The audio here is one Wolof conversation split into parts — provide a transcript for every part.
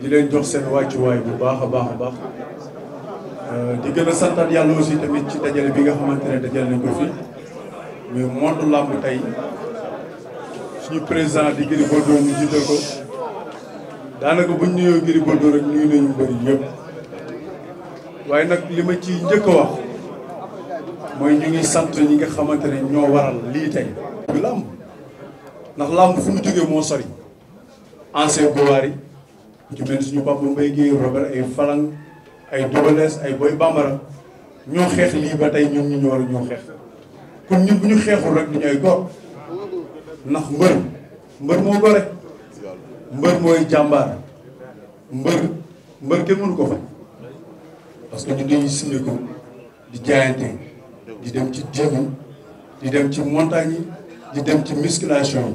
di leen jox seen wàccuwaay bu baax a baax a baax euh, di gën a santaat yàlla aussi tamit ci dajale bi nga xamante ne dajale nañ ko fi muy monde làmb tey suñu président di Gris Bordeaux ñu jiital daanaka buñ nuyoo Gris Bordeaux rek nuyu nañu bëri yëpp waaye nag li ma ci njëkk wax mooy ñu ngi sant ñi nga xamante ne ñoo waral lii tey du làmb ndax làmb fu mu jógee moo sori ancien gowaar yi ci mel suñu papa Mbaye Guèye Robert ay Falang ay Doubalès ay Boy Bambara ñoo xeex lii ba tey ñun ñu ñu war ñoo xeex kon ñun bu ñu xeexul rek du ñu ay góor ndax mbër mbër moo gore mbër mooy jàmbaar mbër mbër kenn mënu ko fay parce que ñu dañuy simbiku di jaayante di dem ci jéego di dem ci montagne yi di dem ci musculation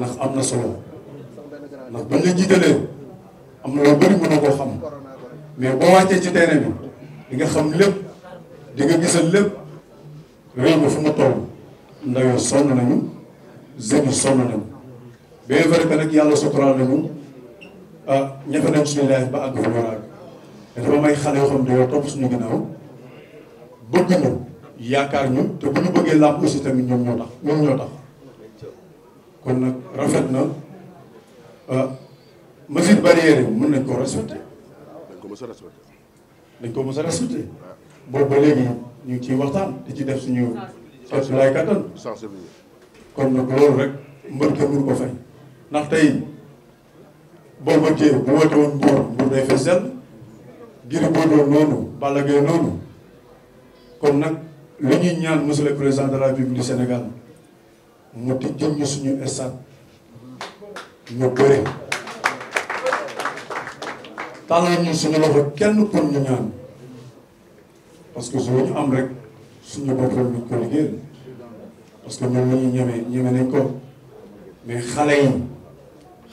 ndax am na solo ndax bañ la jiitalee am na loo bëri mën a koo xam mais boo wàccee ci terrain bi di nga xam lépp di nga gisal lépp réew mi fu mu toll ndaw yi sonn nañu jeunes yi sonn nañu bien vrai que yàlla suturaal nañu ah ñafe nañ suñu laaj ba àgg fa war a àgg te dafa may xale yoo xam ne dañoo topp suñu ginnaaw bëgg ñu yaakaar ñu te bu ñu bëggee làmb aussi tamit ñoom ñoo tax ñoom ñoo tax. kon nag rafet na ah mesures barrières yi mën nañ koo respecté. dañ ko mos a dañ ko mos a boobu ba léegi ñu ngi ciy waxtaan di ci def suñu. képp laay kattan. kon nag loolu rek mbër kenn mënu ko fay. ndax tey boo bëggee bu woote woon mbuur mbuur day fees dell. Gris noonu Balla noonu kon nag li ñuy ñaan monsieur le président de la République du Sénégal. mu tijjal ñu suñu stade ñu bëre tàllal ñu suñu loxo kenn pour ñu ñaan parce que su ñu am rek suñu bopp ñu ko liggéeyal parce que ñun ñu ñeme ñeme nañ ko mais xale yi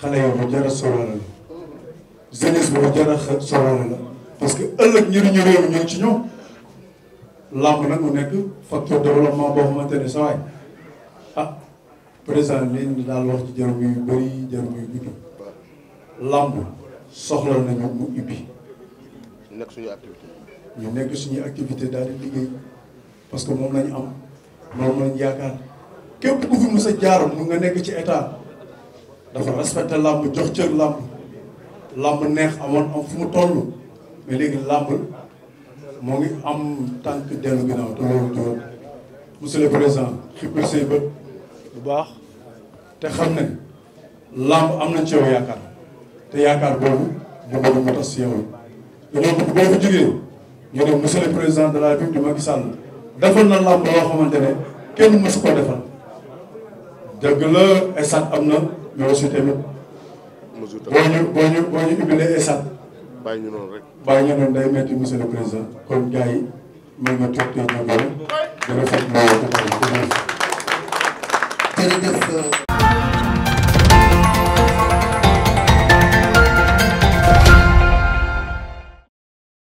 xale yi bu jar a sóoraale la jeunesse bu jar a sóoraale la parce que ëllëg njëriñu réew mi ñu ci ñoom làmb nag mu nekk facteur développement boo xamante ne sa waay ah président nee na daal wax ci jarul yu bëri jarul yu ubbi làmb soxla nañu mu ubbi. nekk suñu activité. ñu nekk suñuy activité daal di parce que moom lañu am moom lañu yaakaar képp ku fi mës a jaar mu nga nekk ci état dafa respecté làmb jox cër làmb làmb neex amoon am fu mu toll mais léegi làmb moo ngi am tànk dellu ginnaaw te loolu monsieur le président xippil say bu baax te xam ne làmb am nañ ci yaakaar te yaakaar boobu ñu bëgg mu si yow dañoo bëgg boo fi jógee nga dem monsieur président de la République Macky Sall defal na làmb loo xamante ne kenn mësu ko defal dëgg la esat am na mais aussi tamit boo ñu boo ñu boo ñu ubbilee esat bàyyi ñu noonu rek bàyyi ñu noonu day metti monsieur président kon gars yi mën nga toog tey ñoo ngi rafetlu loolu Ele dançando.